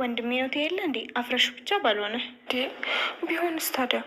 ወንድሜ ነው ትሄለ እንዴ? አፍረሹ ብቻ ባልሆነ ቢሆንስ ታዲያ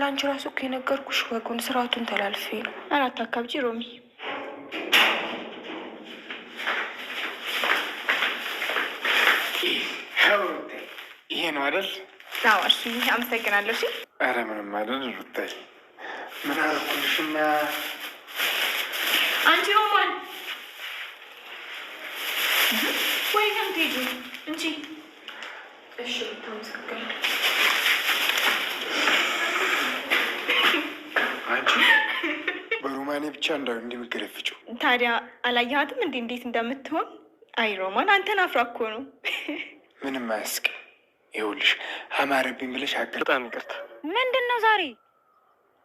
ለአንቺ ራሱ እኮ የነገርኩሽ ወጉን ስርዓቱን ተላልፌ ነው። አራት አካብጂ ሮሚ ይሄ ነው አይደል? አዎ። አመሰግናለሁ። እሺ። ኧረ ምንም አይደል። ሩታይ ምን አልኩልሽና አንቺ ሮማን ወይ እንጂ እሺ በሮማኔ ብቻ እንዳው እንደምገረፍችው ታዲያ አላየሃትም እንዴ? እንዴት እንደምትሆን አይ ሮማን አንተን አፍራ እኮ ነው። ምንም አያስቅ። ይኸውልሽ አማረብኝ ብለሽ አገር በጣም ይቅርታ። ምንድን ነው ዛሬ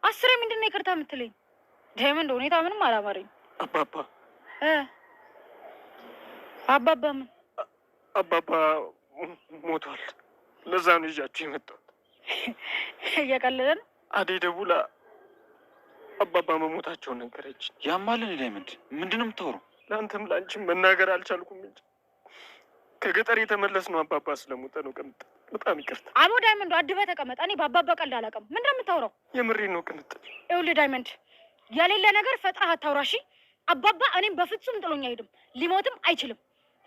አስሬ ምንድን ነው ይቅርታ የምትለኝ? ዳይመንድ ሁኔታ ምንም አላማረኝ። አባባ አባባ ምን አባባ ሞቷል። ለዛ ነው ይዣችሁ የመጣሁት። እየቀለለ ነው። አዴ ደውላ አባባ መሞታቸውን ነገረች። ያማል። ዳይመንድ ምንድን ነው የምታወራው? ለአንተም ለአንቺም መናገር አልቻልኩም እንጂ ከገጠር የተመለስ ነው አባባ ስለሞተ ነው። ቅምጥ በጣም ይቅርታ። አቦ ዳይመንዱ አድበህ ተቀመጠ። እኔ በአባባ ቀልድ አላውቅም። ምንድን ነው የምታወራው? የምሬ ነው ቅምጥ። ይኸውልህ ዳይመንድ የሌለ ነገር ፈጥረህ አታውራሺ። አባባ እኔም በፍጹም ጥሎኝ አይሄድም፣ ሊሞትም አይችልም።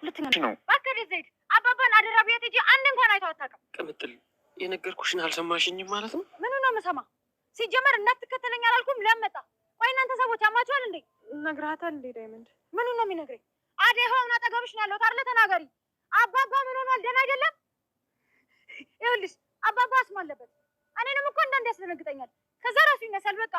ሁለተኛ ነው። እባክህ ዘይድ አባባን አደራ ብያት ሂጂ። አንድ እንኳን አይተው አታውቅም። ቅምጥል የነገርኩሽን አልሰማሽኝም ማለት ነው? ምኑ ነው የምሰማ? ሲጀመር እንዳትከተለኝ አላልኩም? ለመጣ ወይ እናንተ ሰዎች ያማችኋል እንዴ? ነግረሃታል እንዴ ዳይመንድ? ምኑ ነው የሚነግረኝ? አዴ ሆና አጠገብሽ ነው ያለሁት አይደለ? ተናገሪ። አባባ ምን ሆኗል? ደህና አይደለም? ይኸውልሽ አባባ አስም አለበት። እኔንም እኮ እንዳንድ ያስደነግጠኛል። ከዛ ራሱ ይነሳል። በቃ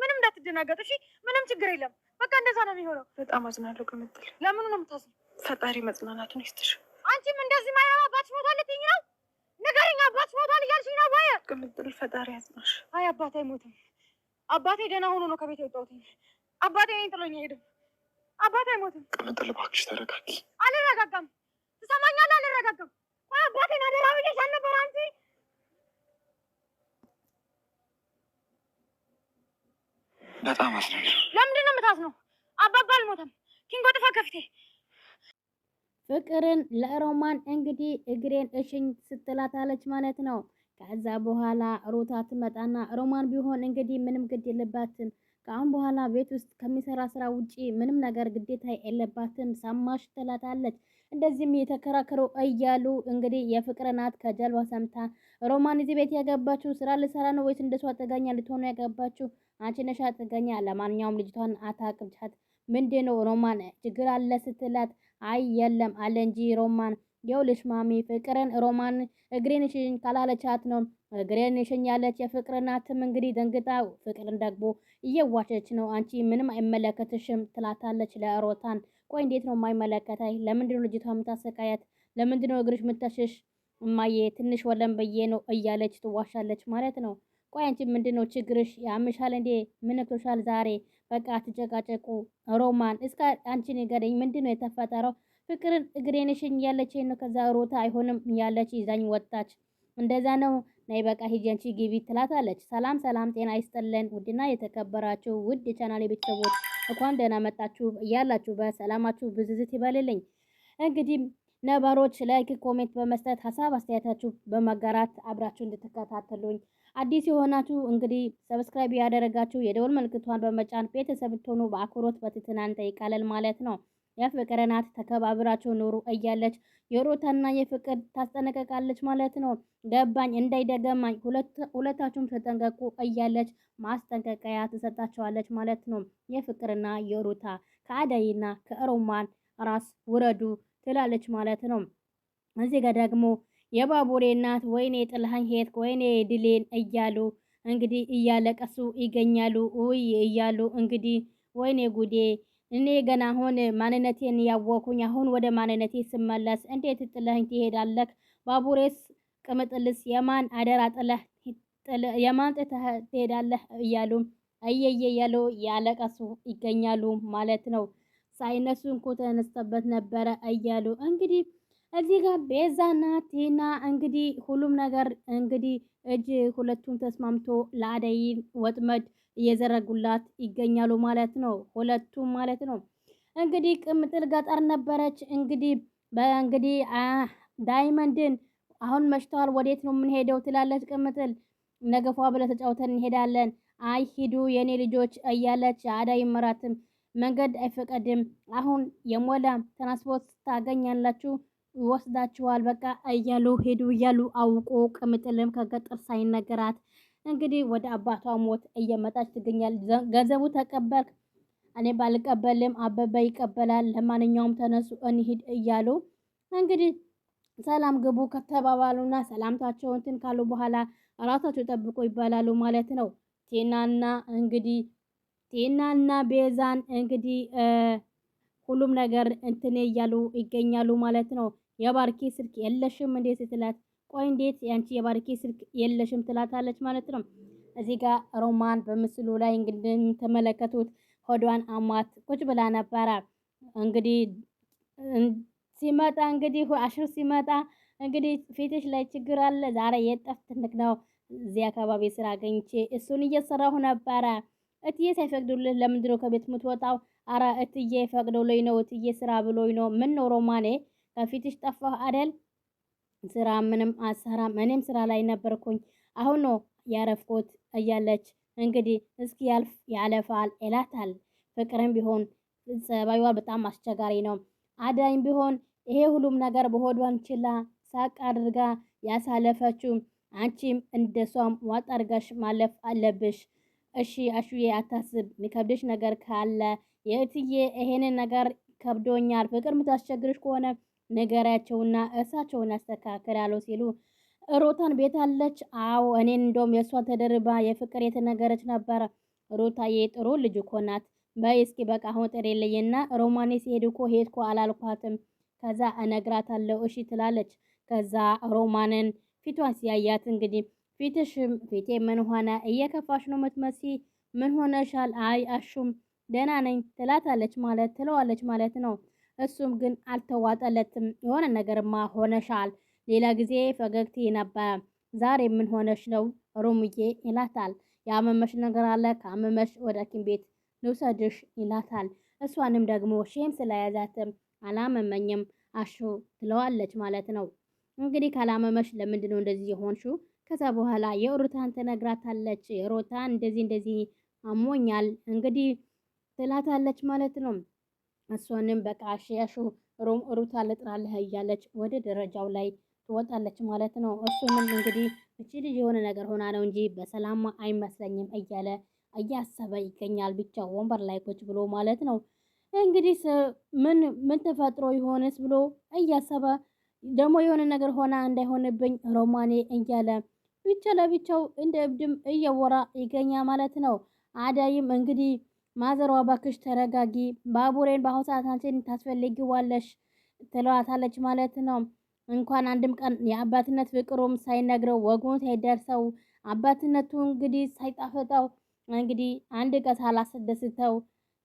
ምንም እንዳትደናገጡ እሺ። ምንም ችግር የለም። በቃ እንደዛ ነው የሚሆነው። በጣም አዝናለሁ ቅምጥል። ለምኑ ነው የምታዝነው? ፈጣሪ መጽናናቱን ይስጥሽ። አንቺም እንደዚህ ማያም አባትሽ ሞቷል ልትይኝ ነው? ንገሪኝ፣ አባትሽ ሞቷል እያልሽኝ ነው? ባየ ቅምጥል ፈጣሪ ያጽናሽ። አይ አባቴ አይሞትም። አባቴ ደህና ሆኖ ነው ከቤት የወጣሁት። አባቴ እኔን ጥሎኝ ሄድም። አባቴ አይሞትም። ቅምጥል እባክሽ ተረጋጊ። አልረጋጋም። ትሰማኛለህ? አልረጋጋም። አባቴን አደራ ብዬሽ አልነበረ አንቺ በጣም አስነ ለምንድን ነው የምታዝነው? አባባ አልሞተም። ኪንጎ ጥፋ ከፍቴ ፍቅርን ለሮማን እንግዲህ እግሬን እሽኝ ስትላታለች ማለት ነው። ከዛ በኋላ ሩታ ትመጣና ሮማን ቢሆን እንግዲህ ምንም ግድ የለባትም ከአሁን በኋላ ቤት ውስጥ ከሚሰራ ስራ ውጪ ምንም ነገር ግዴታ የለባትም ሰማሽ ትላታለች። እንደዚህም የተከራከሩ እያሉ እንግዲህ የፍቅር ናት ከጀልባ ሰምታ ሮማን እዚህ ቤት ያገባችሁ ስራ ልሰራ ነው ወይስ እንደሷ አጠጋኛ ልትሆኑ ያገባችሁ? አንቺ ነሽ አጠጋኛ። ለማንኛውም ልጅቷን አታቅብቻት። ምንድን ነው ሮማን ችግር አለ ስትላት አይ የለም አለ እንጂ ሮማን የውልሽ ማሚ ፍቅርን ሮማን እግሬን ሽኝ ካላለቻት ነው እግሬን ሽኝ ያለች። የፍቅር እናትም እንግዲህ ደንግጣ ፍቅርን ደግሞ እየዋሸች ነው። አንቺ ምንም አይመለከትሽም ትላታለች ለሮታን። ቆይ እንዴት ነው የማይመለከታይ? ለምንድን ነው ልጅቷ የምታሰቃያት? ለምንድን ነው እግርሽ የምታሸሽ? እማዬ ትንሽ ወለም ብዬ ነው እያለች ትዋሻለች ማለት ነው። ቆይ አንቺ ምንድን ነው ችግርሽ? ያምሻል እንዴ? ምን ነክቶሻል ዛሬ? በቃ አትጨቃጨቁ። ሮማን እስከ አንቺ ንገረኝ፣ ምንድን ነው የተፈጠረው? ፍቅርን እግሬን ያለች ነው። ከዛ ሮታ አይሆንም ያለች ይዛኝ ወጣች። እንደዛ ነው ናይ በቃ ሂጂ አንቺ ግቢ ትላታለች። ሰላም ሰላም፣ ጤና ይስጥልን ውድና የተከበራችሁ ውድ የቻናሌ ቤተሰቦች እንኳን ደህና መጣችሁ እያላችሁ በሰላማችሁ ብዝዝት ይበልልኝ። እንግዲህ ነባሮች ላይክ፣ ኮሜንት በመስጠት ሀሳብ አስተያየታችሁ በመጋራት አብራችሁ እንድትከታተሉኝ አዲስ የሆናችሁ እንግዲህ ሰብስክራይብ ያደረጋችሁ የደወል ምልክቷን በመጫን ቤተሰብ ትሆኑ በአክብሮት በትህትና እንጠይቃለን ማለት ነው። የፍቅር እናት ተከባብራችሁ ኑሩ እያለች የሩታና የፍቅር ታስጠነቀቃለች ማለት ነው። ገባኝ እንዳይደገማኝ ሁለታችሁም ተጠንቀቁ እያለች ማስጠንቀቂያ ትሰጣቸዋለች ማለት ነው። የፍቅርና የሩታ ከአደይና ከሮማን ራስ ውረዱ ትላለች ማለት ነው። እዚህ ጋር ደግሞ የባቡሬ እናት ወይኔ ጥላሃኝ ሄድክ ወይኔ ድሌን እያሉ እንግዲህ እያለቀሱ ይገኛሉ። ውይ እያሉ እንግዲህ ወይኔ ጉዴ እኔ ገና አሁን ማንነቴን ያወኩኝ፣ አሁን ወደ ማንነቴ ስመለስ እንዴት ጥለህኝ ትሄዳለህ? ባቡሬስ ቅምጥልስ የማን አደራ ጥለህ የማን ጥተህ ትሄዳለህ? እያሉ እየየ እያሉ ያለቀሱ ይገኛሉ ማለት ነው። ሳይነሱ እንኳ ተነስተበት ነበረ እያሉ እንግዲህ እዚህ ጋር ቤዛና ቲና እንግዲህ ሁሉም ነገር እንግዲህ እጅ ሁለቱም ተስማምቶ ለአደይ ወጥመድ እየዘረጉላት ይገኛሉ ማለት ነው። ሁለቱም ማለት ነው እንግዲህ ቅምጥል ገጠር ነበረች። እንግዲህ በእንግዲህ ዳይመንድን አሁን መሽተዋል፣ ወዴት ነው የምንሄደው ትላለች ቅምጥል። ነገፏ ብለ ተጫውተን እንሄዳለን። አይ ሂዱ የኔ ልጆች እያለች አደይ መራትም መንገድ አይፈቀድም፣ አሁን የሞላ ትራንስፖርት ታገኛላችሁ ይወስዳቸዋል በቃ እያሉ ሄዱ እያሉ አውቆ ቅምጥልም ከገጠር ሳይነገራት እንግዲህ ወደ አባቷ ሞት እየመጣች ትገኛል። ገንዘቡ ተቀበል፣ እኔ ባልቀበልም አበበ ይቀበላል። ለማንኛውም ተነሱ እንሂድ እያሉ እንግዲህ ሰላም ግቡ ከተባባሉና ሰላምታቸው እንትን ካሉ በኋላ ራሳቸው ጠብቆ ይባላሉ ማለት ነው። ቴናና እንግዲህ ቴናና ቤዛን እንግዲህ ሁሉም ነገር እንትኔ እያሉ ይገኛሉ ማለት ነው። የባርኬ ስልክ የለሽም እንዴት ስትላት፣ ቆይ እንዴት ያንቺ የባርኬ ስልክ የለሽም ትላታለች ማለት ነው። እዚህ ጋር ሮማን በምስሉ ላይ እንግዲህ እንደምትመለከቱት ሆዷን አሟት ቁጭ ብላ ነበረ። እንግዲህ ሲመጣ እንግዲህ አሽር ሲመጣ እንግዲህ ፊትሽ ላይ ችግር አለ ዛሬ የጠፍትንክ ነው። እዚህ አካባቢ ስራ አገኝቼ እሱን እየሰራሁ ነበረ። እትዬ ሳይፈቅዱልህ ለምንድነው ከቤት የምትወጣው? አረ እትዬ ፈቅዶልኝ ነው እትዬ ስራ ብሎኝ ነው። ምን ነው ሮማኔ ከፊትሽ ጠፋሁ አደል? ስራ ምንም አሰራም። እኔም ስራ ላይ ነበርኩኝ። አሁን ነው ያረፍኩት እያለች እንግዲህ እስኪ ያልፍ ያለፋል ይላታል። ፍቅርም ቢሆን ጸባይዋ በጣም አስቸጋሪ ነው። አዳኝ ቢሆን ይሄ ሁሉም ነገር በሆዷን ችላ ሳቅ አድርጋ ያሳለፈችው አንቺም እንደሷም ዋጥ አድርጋሽ ማለፍ አለብሽ። እሺ አሹዬ አታስብ፣ የሚከብድሽ ነገር ካለ የእትዬ ይሄንን ነገር ከብዶኛል፣ ፍቅር ምታስቸግርሽ ከሆነ ንገሪያቸውና እሳቸውን አስተካክላለሁ ሲሉ ሩታን ቤት አለች? አዎ እኔን እንደውም የእሷን ተደርባ የፍቅር የተነገረች ነበረ። ሩታዬ ጥሩ ልጅ እኮ ናት። በይ እስኪ በቃ አሁን ጥሬልኝና ሮማኔ ሲሄድ እኮ ሄድኩ አላልኳትም። ከዛ እነግራታለሁ እሺ ትላለች። ከዛ ሮማንን ፊቷን ሲያያት እንግዲህ ፊትሽም ፊቴ ምን ሆነ? እየከፋሽ ነው ምትመሲ? ምን ሆነሻል? አይ አሹም ደህና ነኝ ትላታለች ማለት ትለዋለች ማለት ነው። እሱም ግን አልተዋጠለትም። የሆነ ነገርማ ሆነሻል፣ ሌላ ጊዜ ፈገግቴ ነበረ፣ ዛሬ ምን ሆነሽ ነው ሮምዬ ይላታል። ያመመሽ ነገር አለ፣ ካመመሽ ወደ ሐኪም ቤት ልውሰድሽ ይላታል። እሷንም ደግሞ ሼም ስለያዛትም አላመመኝም አሹ ትለዋለች ማለት ነው። እንግዲህ ካላመመሽ ለምንድን ነው እንደዚህ የሆንሹ? ከዛ በኋላ የሩታን ትነግራታለች። ሩታን እንደዚህ እንደዚህ አሞኛል እንግዲህ ትላታለች ማለት ነው። እሷንም በቃ ሩም ሩታ ልጥራልህ እያለች ወደ ደረጃው ላይ ትወጣለች ማለት ነው። እሱንም እንግዲህ እቺ ልጅ የሆነ ነገር ሆና ነው እንጂ በሰላም አይመስለኝም እያለ እያሰበ ይገኛል። ብቻ ወንበር ላይ ቁጭ ብሎ ማለት ነው። እንግዲህ ምን ምን ተፈጥሮ ይሆንስ ብሎ እያሰበ ደግሞ የሆነ ነገር ሆና እንዳይሆንብኝ ሮማኔ እያለ ብቻ ለብቻው እንደ እብድም እየወራ ይገኛ ማለት ነው። አዳይም እንግዲህ ማዘሯ ባክሽ ተረጋጊ፣ ባቡሬን በአሁኑ ሰዓት አንቺን ታስፈልጊዋለሽ ትለዋታለች ማለት ነው። እንኳን አንድም ቀን የአባትነት ፍቅሩም ሳይነግረው ወጉን ሳይደርሰው አባትነቱ እንግዲህ ሳይጣፈጠው እንግዲህ አንድ ቀን ሳላስደስተው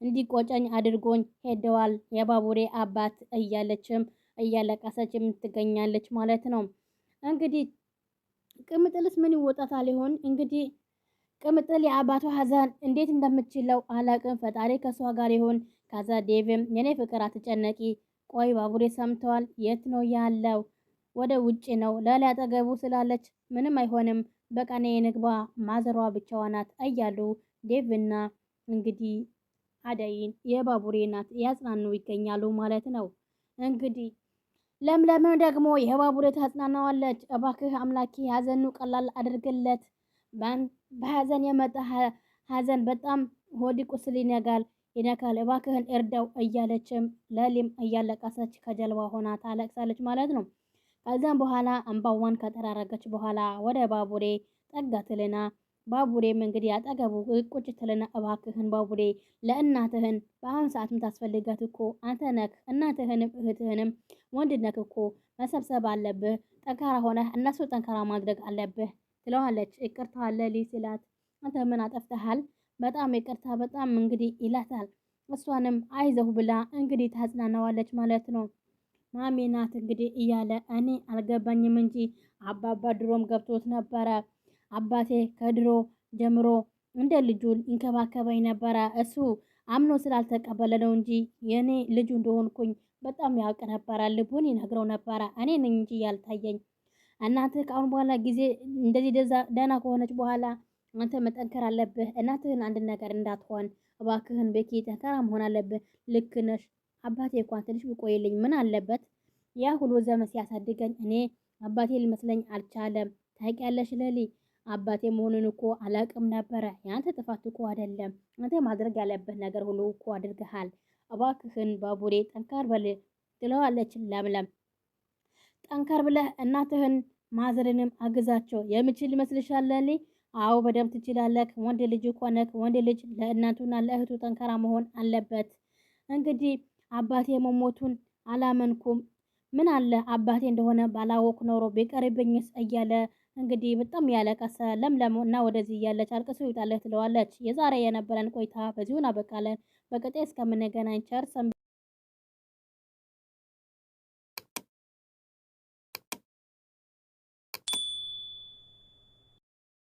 እንዲቆጨኝ አድርጎኝ ሄደዋል የባቡሬ አባት እያለችም እያለቀሰችም ትገኛለች ማለት ነው። እንግዲህ ቅምጥልስ ምን ይወጣታል ይሆን እንግዲህ ቅምጥል የአባቷ ሀዘን እንዴት እንደምችለው አላቅም። ፈጣሪ ከሷ ጋር ይሁን። ከዛ ዴቭም የኔ ፍቅር አትጨነቂ፣ ቆይ ባቡሬ ሰምተዋል። የት ነው ያለው? ወደ ውጭ ነው ለሊ አጠገቡ ስላለች ምንም አይሆንም። በቀኔ የንግባ ማዘሯ ብቻዋ ናት እያሉ ዴቭና እንግዲህ አደይን የባቡሬ ናት ያጽናኑ ይገኛሉ ማለት ነው እንግዲህ ለምለምም ደግሞ የባቡሬ ታጽናናዋለች። እባክህ አምላኬ ሀዘኑ ቀላል አድርግለት ባን በሀዘን የመጣ ሀዘን በጣም ሆዲ ቁስል ይነጋል ይነካል፣ እባክህን እርዳው እያለችም ለሊም እያለቀሰች ከጀልባ ሆና ታለቅሳለች ማለት ነው። ከዚያም በኋላ አምባዋን ከጠራረገች በኋላ ወደ ባቡሬ ጠጋ ትልና ባቡሬም እንግዲህ አጠገቡ ቁጭ ትልና እባክህን ባቡሬ ለእናትህን በአሁን ሰዓት የምታስፈልጋት እኮ አንተ ነክ እናትህንም እህትህንም ወንድ ነክ እኮ መሰብሰብ አለብህ። ጠንካራ ሆነህ እነሱ ጠንካራ ማድረግ አለብህ። ትለዋለች። ይቅርታ ለሊ ሲላት አንተ ምን አጠፍተሃል? በጣም ይቅርታ በጣም እንግዲህ ይላታል። እሷንም አይዘሁ ብላ እንግዲህ ታጽናናዋለች ማለት ነው። ማሚ ናት እንግዲህ እያለ እኔ አልገባኝም እንጂ አባባ ድሮም ገብቶት ነበረ። አባቴ ከድሮ ጀምሮ እንደ ልጁን ይንከባከበኝ ነበረ። እሱ አምኖ ስላልተቀበለ ነው እንጂ የእኔ ልጁ እንደሆንኩኝ በጣም ያውቅ ነበረ። ልቡን ይነግረው ነበረ። እኔ ነኝ እንጂ ያልታየኝ እናትህ ከአሁን በኋላ ጊዜ እንደዚህ ደህና ከሆነች በኋላ አንተ መጠንከር አለብህ። እናትህን አንድ ነገር እንዳትሆን እባክህን ቤኪ ጠንካራ መሆን አለብህ። ልክ ነሽ አባቴ እንኳን ትንሽ ብቆይልኝ ምን አለበት? ያ ሁሉ ዘመን ሲያሳድገኝ እኔ አባቴ ሊመስለኝ አልቻለም። ታውቂያለሽ ለሊ አባቴ መሆኑን እኮ አላቅም ነበረ። የአንተ ጥፋት እኮ አይደለም። አንተ ማድረግ ያለበት ነገር ሁሉ እኮ አድርገሃል። እባክህን ባቡሬ ጠንካር በል ትለዋለች ለምለም። ጠንከር ብለህ እናትህን ማዘርንም አግዛቸው። የምችል ይመስልሻል? አዎ በደንብ ትችላለህ። ወንድ ልጅ እኮ ወንድ ልጅ ለእናቱና ለእህቱ ጠንካራ መሆን አለበት። እንግዲህ አባቴ መሞቱን አላመንኩም። ምን አለ አባቴ እንደሆነ ባላወቅ ኖሮ ቢቀርብኝስ እያለ እንግዲህ በጣም ያለቀሰ ለምለም እና ወደዚህ እያለች አልቅሶ ይውጣለህ ትለዋለች። የዛሬ የነበረን ቆይታ በዚሁን አበቃለን። በቀጣይ እስከምንገናኝ ቸር ሰንብቱ።